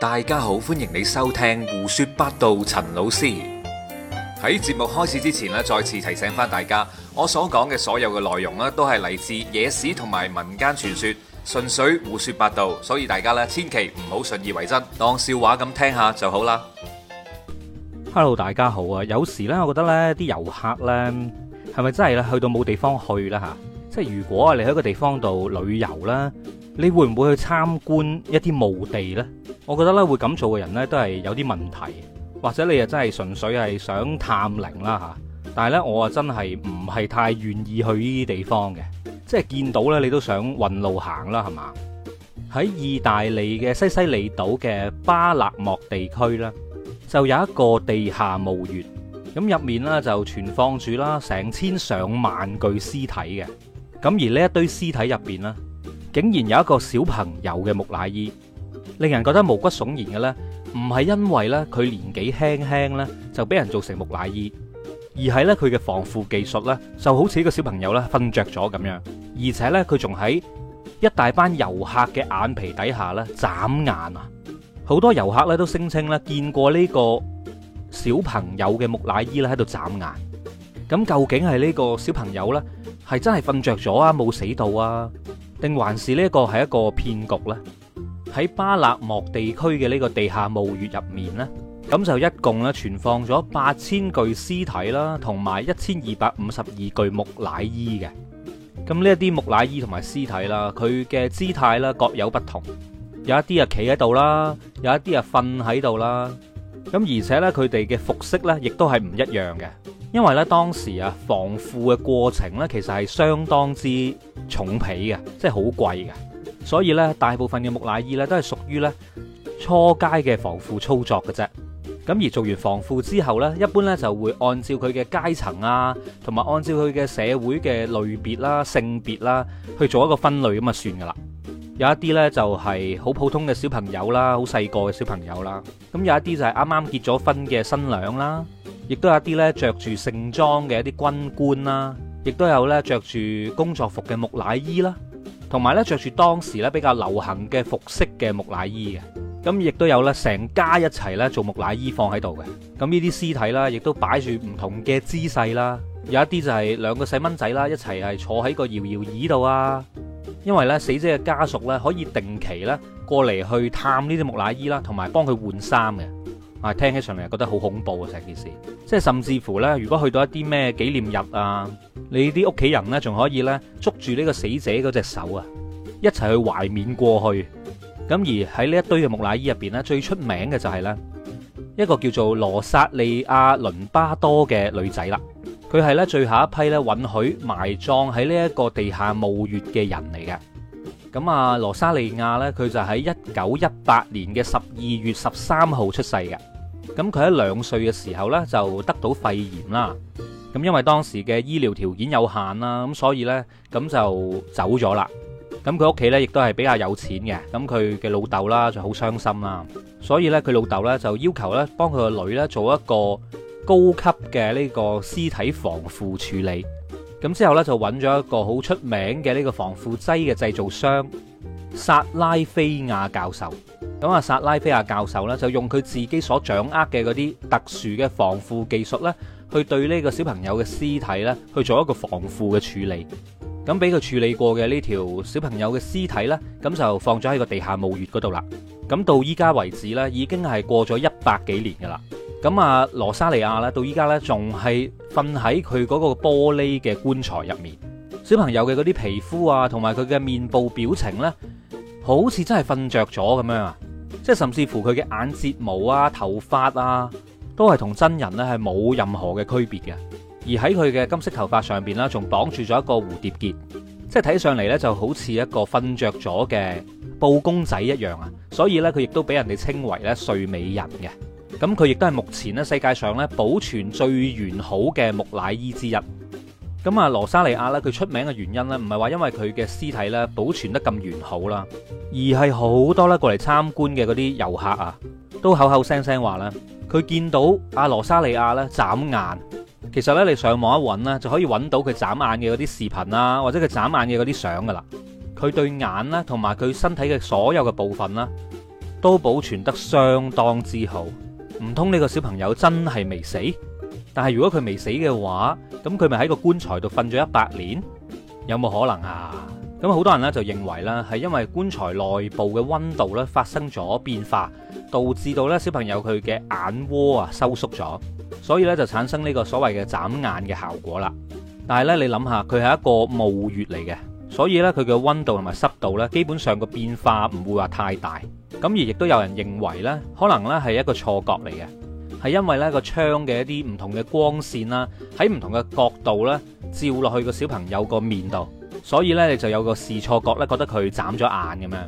大家好，歡迎你收聽胡說八道。陳老師喺節目開始之前呢，再次提醒翻大家，我所講嘅所有嘅內容呢，都係嚟自野史同埋民間傳說，純粹胡說八道，所以大家呢，千祈唔好信以為真，當笑話咁聽下就好啦。Hello，大家好啊！有時呢，我覺得呢啲遊客呢係咪真係咧，去到冇地方去啦吓？即係如果你喺一個地方度旅遊啦，你會唔會去參觀一啲墓地呢？我覺得咧會咁做嘅人呢，都係有啲問題，或者你又真係純粹係想探靈啦吓，但係呢，我啊真係唔係太願意去呢啲地方嘅，即係見到呢，你都想運路行啦係嘛？喺意大利嘅西西里島嘅巴勒莫地區呢，就有一個地下墓穴，咁入面呢就存放住啦成千上萬具屍體嘅。咁而呢一堆屍體入邊呢，竟然有一個小朋友嘅木乃伊。令人覺得毛骨悚然嘅咧，唔係因為咧佢年紀輕輕咧就俾人做成木乃伊，而係咧佢嘅防腐技術咧就好似一個小朋友咧瞓着咗咁樣，而且咧佢仲喺一大班遊客嘅眼皮底下咧眨眼啊！好多遊客咧都聲稱咧見過呢個小朋友嘅木乃伊咧喺度眨眼。咁究竟係呢個小朋友咧係真係瞓着咗啊，冇死到啊，定還是呢個係一個騙局呢？喺巴勒莫地區嘅呢個地下墓穴入面呢，咁就一共咧存放咗八千具屍體啦，同埋一千二百五十二具木乃伊嘅。咁呢一啲木乃伊同埋屍體啦，佢嘅姿態啦各有不同，有一啲啊企喺度啦，有一啲啊瞓喺度啦。咁而且呢，佢哋嘅服飾呢亦都係唔一樣嘅，因為呢當時啊防腐嘅過程呢其實係相當之重皮嘅，即係好貴嘅。所以咧，大部分嘅木乃伊咧都係屬於咧初階嘅防腐操作嘅啫。咁而做完防腐之後呢，一般呢，就會按照佢嘅階層啊，同埋按照佢嘅社會嘅類別啦、性別啦去做一個分類咁啊算噶啦。有一啲呢，就係好普通嘅小朋友啦，好細個嘅小朋友啦。咁有一啲就係啱啱結咗婚嘅新娘啦，亦都有一啲呢，着住盛裝嘅一啲軍官啦，亦都有呢，着住工作服嘅木乃伊啦。同埋咧，著住當時咧比較流行嘅服飾嘅木乃伊嘅，咁亦都有咧成家一齊咧做木乃伊放喺度嘅，咁呢啲屍體啦，亦都擺住唔同嘅姿勢啦，有一啲就係兩個細蚊仔啦，一齊係坐喺個搖搖椅度啊，因為咧死者嘅家屬咧可以定期咧過嚟去探呢啲木乃伊啦，同埋幫佢換衫嘅。啊，聽起上嚟覺得好恐怖啊！成件事，即係甚至乎呢，如果去到一啲咩紀念日啊，你啲屋企人呢，仲可以呢捉住呢個死者嗰隻手啊，一齊去懷緬過去。咁而喺呢一堆嘅木乃伊入邊呢，最出名嘅就係呢一個叫做羅薩利亞倫巴多嘅女仔啦。佢係呢最後一批呢，允許埋葬喺呢一個地下墓穴嘅人嚟嘅。咁啊，羅莎莉亞咧，佢就喺一九一八年嘅十二月十三號出世嘅。咁佢喺兩歲嘅時候咧，就得到肺炎啦。咁因為當時嘅醫療條件有限啦，咁所以呢，咁就走咗啦。咁佢屋企呢，亦都係比較有錢嘅。咁佢嘅老豆啦，就好傷心啦。所以呢，佢老豆呢，就要求呢，幫佢個女呢，做一個高級嘅呢個屍體防腐處理。咁之後呢，就揾咗一個好出名嘅呢個防腐劑嘅製造商，薩拉菲亞教授。咁啊，薩拉菲亞教授呢，就用佢自己所掌握嘅嗰啲特殊嘅防腐技術呢，去對呢個小朋友嘅屍體呢，去做一個防腐嘅處理。咁俾佢處理過嘅呢條小朋友嘅屍體呢，咁就放咗喺個地下墓穴嗰度啦。咁到依家為止呢，已經係過咗一百幾年噶啦。咁啊，羅莎莉亞咧，到依家咧仲係瞓喺佢嗰個玻璃嘅棺材入面。小朋友嘅嗰啲皮膚啊，同埋佢嘅面部表情咧，好似真係瞓着咗咁樣啊！即係甚至乎佢嘅眼睫毛啊、頭髮啊，都係同真人咧係冇任何嘅區別嘅。而喺佢嘅金色頭髮上邊啦，仲綁住咗一個蝴蝶結，即係睇上嚟咧就好似一個瞓着咗嘅布公仔一樣啊！所以咧，佢亦都俾人哋稱為咧睡美人嘅。咁佢亦都係目前咧世界上咧保存最完好嘅木乃伊之一。咁啊，羅莎莉亞咧，佢出名嘅原因咧，唔係話因為佢嘅屍體咧保存得咁完好啦，而係好多咧過嚟參觀嘅嗰啲遊客啊，都口口聲聲話咧，佢見到阿羅莎莉亞咧眨眼。其實咧，你上網一揾呢就可以揾到佢眨眼嘅嗰啲視頻啊，或者佢眨眼嘅嗰啲相噶啦。佢對眼咧，同埋佢身體嘅所有嘅部分啦，都保存得相當之好。唔通呢個小朋友真係未死？但係如果佢未死嘅話，咁佢咪喺個棺材度瞓咗一百年？有冇可能啊？咁好多人呢就認為啦，係因為棺材內部嘅溫度呢發生咗變化，導致到呢小朋友佢嘅眼窩啊收縮咗，所以呢就產生呢個所謂嘅眨眼嘅效果啦。但係呢，你諗下，佢係一個墓穴嚟嘅，所以呢，佢嘅溫度同埋濕度呢基本上個變化唔會話太大。咁而亦都有人認為呢，可能呢係一個錯覺嚟嘅，係因為呢個窗嘅一啲唔同嘅光線啦，喺唔同嘅角度呢照落去個小朋友個面度，所以呢，你就有個視錯覺呢，覺得佢眨咗眼咁樣。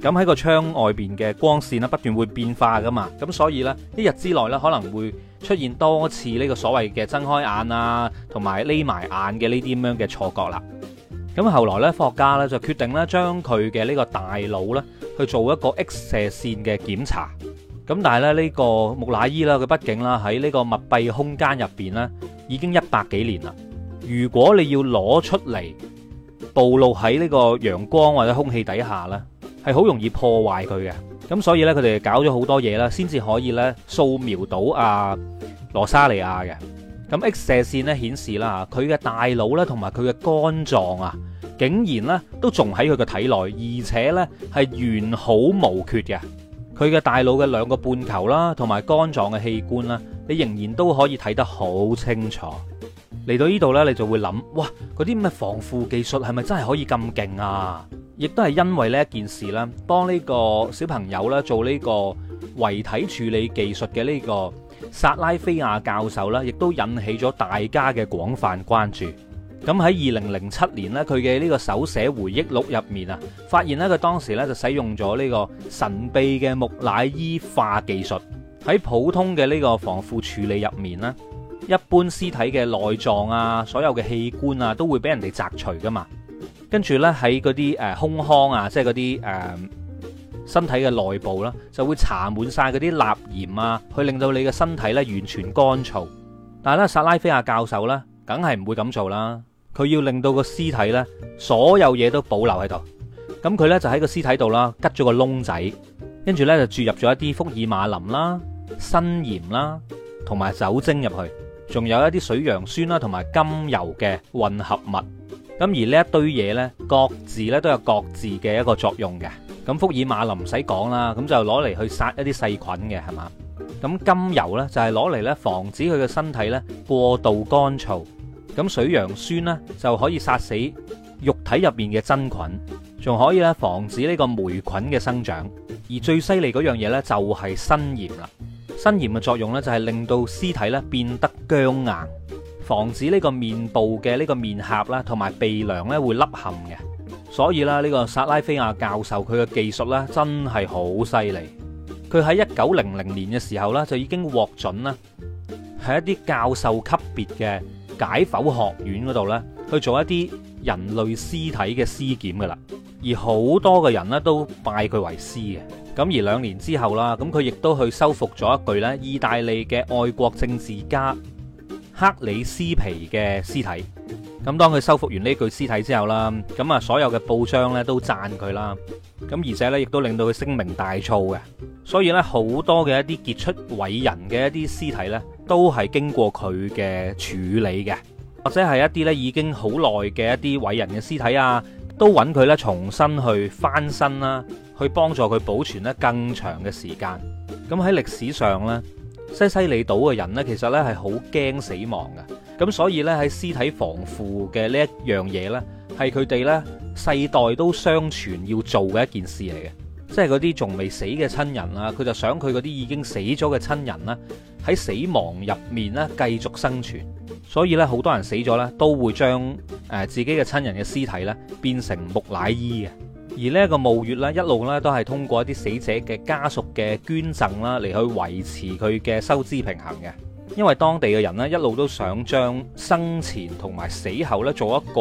咁喺個窗外面嘅光線呢，不斷會變化噶嘛，咁所以呢，一日之內呢，可能會出現多次呢個所謂嘅睜開眼啊，同埋匿埋眼嘅呢啲咁樣嘅錯覺啦。咁後來呢，科學家呢就決定呢，將佢嘅呢個大腦呢，去做一個 X 射線嘅檢查，咁但係咧呢個木乃伊啦，佢畢竟啦喺呢個密閉空間入邊呢已經一百幾年啦。如果你要攞出嚟，暴露喺呢個陽光或者空氣底下呢，係好容易破壞佢嘅。咁所以呢，佢哋搞咗好多嘢啦，先至可以呢掃描到啊羅莎莉亞嘅。咁 X 射線呢，顯示啦，佢嘅大腦呢，同埋佢嘅肝臟啊。竟然咧都仲喺佢嘅體內，而且呢係完好無缺嘅。佢嘅大腦嘅兩個半球啦，同埋肝臟嘅器官啦，你仍然都可以睇得好清楚。嚟到呢度呢，你就會諗：哇，嗰啲咩防腐技術係咪真係可以咁勁啊？亦都係因為呢一件事咧，幫呢個小朋友呢做呢個遺體處理技術嘅呢個薩拉菲亞教授呢，亦都引起咗大家嘅廣泛關注。咁喺二零零七年咧，佢嘅呢個手寫回憶錄入面啊，發現咧佢當時咧就使用咗呢個神秘嘅木乃伊化技術。喺普通嘅呢個防腐處理入面咧，一般屍體嘅內臟啊、所有嘅器官啊，都會俾人哋摘除噶嘛。跟住咧喺嗰啲誒胸腔啊，即係嗰啲誒身體嘅內部啦，就會搽滿晒嗰啲鈉鹽啊，去令到你嘅身體咧完全乾燥。但係咧，薩拉菲亞教授咧，梗係唔會咁做啦。佢要令到個屍體咧，所有嘢都保留喺度。咁佢咧就喺個屍體度啦，吉咗個窿仔，跟住咧就注入咗一啲福爾馬林啦、新鹽啦，同埋酒精入去，仲有一啲水楊酸啦，同埋甘油嘅混合物。咁而呢一堆嘢咧，各自咧都有各自嘅一個作用嘅。咁福爾馬林唔使講啦，咁就攞嚟去殺一啲細菌嘅，係嘛？咁甘油咧就係攞嚟咧防止佢嘅身體咧過度乾燥。咁，水楊酸呢，就可以殺死肉體入面嘅真菌，仲可以咧防止呢個霉菌嘅生長。而最犀利嗰樣嘢呢，就係新鹽啦。新鹽嘅作用呢，就係令到屍體呢變得僵硬，防止呢個面部嘅呢個面頰啦同埋鼻梁呢會凹陷嘅。所以呢，呢個薩拉菲亞教授佢嘅技術呢，真係好犀利。佢喺一九零零年嘅時候呢，就已經獲准啦，係一啲教授級別嘅。解剖學院嗰度呢，去做一啲人類屍體嘅屍檢㗎啦，而好多嘅人呢，都拜佢為師嘅。咁而兩年之後啦，咁佢亦都去修復咗一具呢意大利嘅愛國政治家克里斯皮嘅屍體。咁當佢修復完呢具屍體之後啦，咁啊所有嘅報章呢都讚佢啦。咁而且呢，亦都令到佢聲名大噪嘅。所以呢，好多嘅一啲傑出偉人嘅一啲屍體呢，都係經過佢嘅處理嘅，或者係一啲咧已經好耐嘅一啲偉人嘅屍體啊，都揾佢咧重新去翻身啦，去幫助佢保存得更長嘅時間。咁喺歷史上呢，西西里島嘅人呢，其實呢係好驚死亡嘅，咁所以呢，喺屍體防腐嘅呢一樣嘢呢，係佢哋呢世代都相傳要做嘅一件事嚟嘅。即係嗰啲仲未死嘅親人啊，佢就想佢嗰啲已經死咗嘅親人咧，喺死亡入面咧繼續生存，所以咧好多人死咗咧都會將誒自己嘅親人嘅屍體咧變成木乃伊啊。而呢一個墓穴咧，一路咧都係通過一啲死者嘅家屬嘅捐贈啦，嚟去維持佢嘅收支平衡嘅。因為當地嘅人呢，一路都想將生前同埋死後呢做一個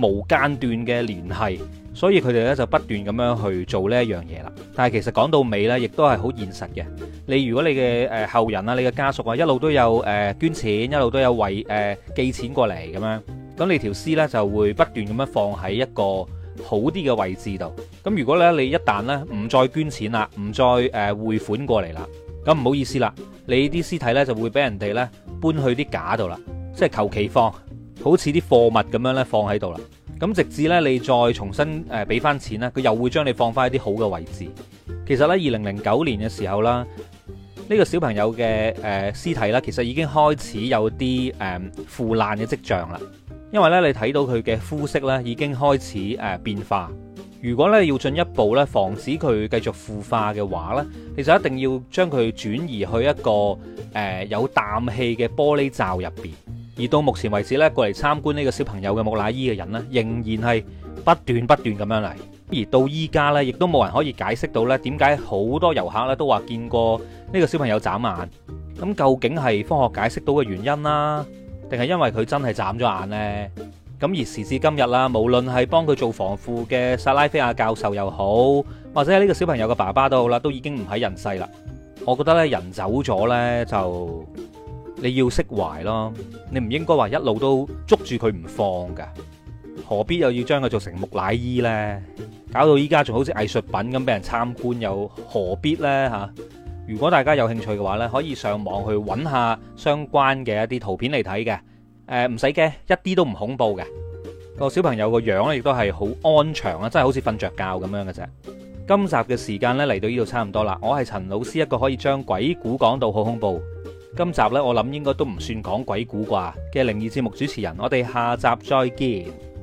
無間斷嘅聯繫，所以佢哋呢就不斷咁樣去做呢一樣嘢啦。但係其實講到尾呢，亦都係好現實嘅。你如果你嘅誒後人啊，你嘅家屬啊，一路都有誒捐錢，一路都有為誒寄錢過嚟咁樣，咁你條屍呢就會不斷咁樣放喺一個好啲嘅位置度。咁如果呢你一旦呢唔再捐錢啦，唔再誒匯款過嚟啦。咁唔好意思啦，你啲屍體呢就會俾人哋呢搬去啲架度啦，即係求其放，好似啲貨物咁樣呢放喺度啦。咁直至呢，你再重新誒俾翻錢呢，佢又會將你放翻一啲好嘅位置。其實呢，二零零九年嘅時候啦，呢個小朋友嘅屍體呢，其實已經開始有啲誒腐爛嘅跡象啦，因為呢，你睇到佢嘅膚色呢，已經開始誒變化。如果咧要進一步咧防止佢繼續腐化嘅話呢，其實一定要將佢轉移去一個誒、呃、有氮氣嘅玻璃罩入邊。而到目前為止呢，過嚟參觀呢個小朋友嘅木乃伊嘅人呢，仍然係不斷不斷咁樣嚟。而到依家呢，亦都冇人可以解釋到呢點解好多遊客呢都話見過呢個小朋友眨眼。咁究竟係科學解釋到嘅原因啦，定係因為佢真係眨咗眼呢？咁而時至今日啦，無論係幫佢做防護嘅薩拉菲亞教授又好，或者呢個小朋友嘅爸爸都好啦，都已經唔喺人世啦。我覺得咧，人走咗呢，就你要釋懷咯，你唔應該話一路都捉住佢唔放㗎，何必又要將佢做成木乃伊呢？搞到依家仲好似藝術品咁俾人參觀，又何必呢吓？如果大家有興趣嘅話呢，可以上網去揾下相關嘅一啲圖片嚟睇嘅。誒，唔使驚，一啲都唔恐怖嘅。個小朋友個樣咧，亦都係好安詳啦，真係好似瞓着覺咁樣嘅啫。今集嘅時間呢，嚟到呢度差唔多啦。我係陳老師，一個可以將鬼故講到好恐怖，今集呢，我諗應該都唔算講鬼故啩嘅靈異節目主持人。我哋下集再見。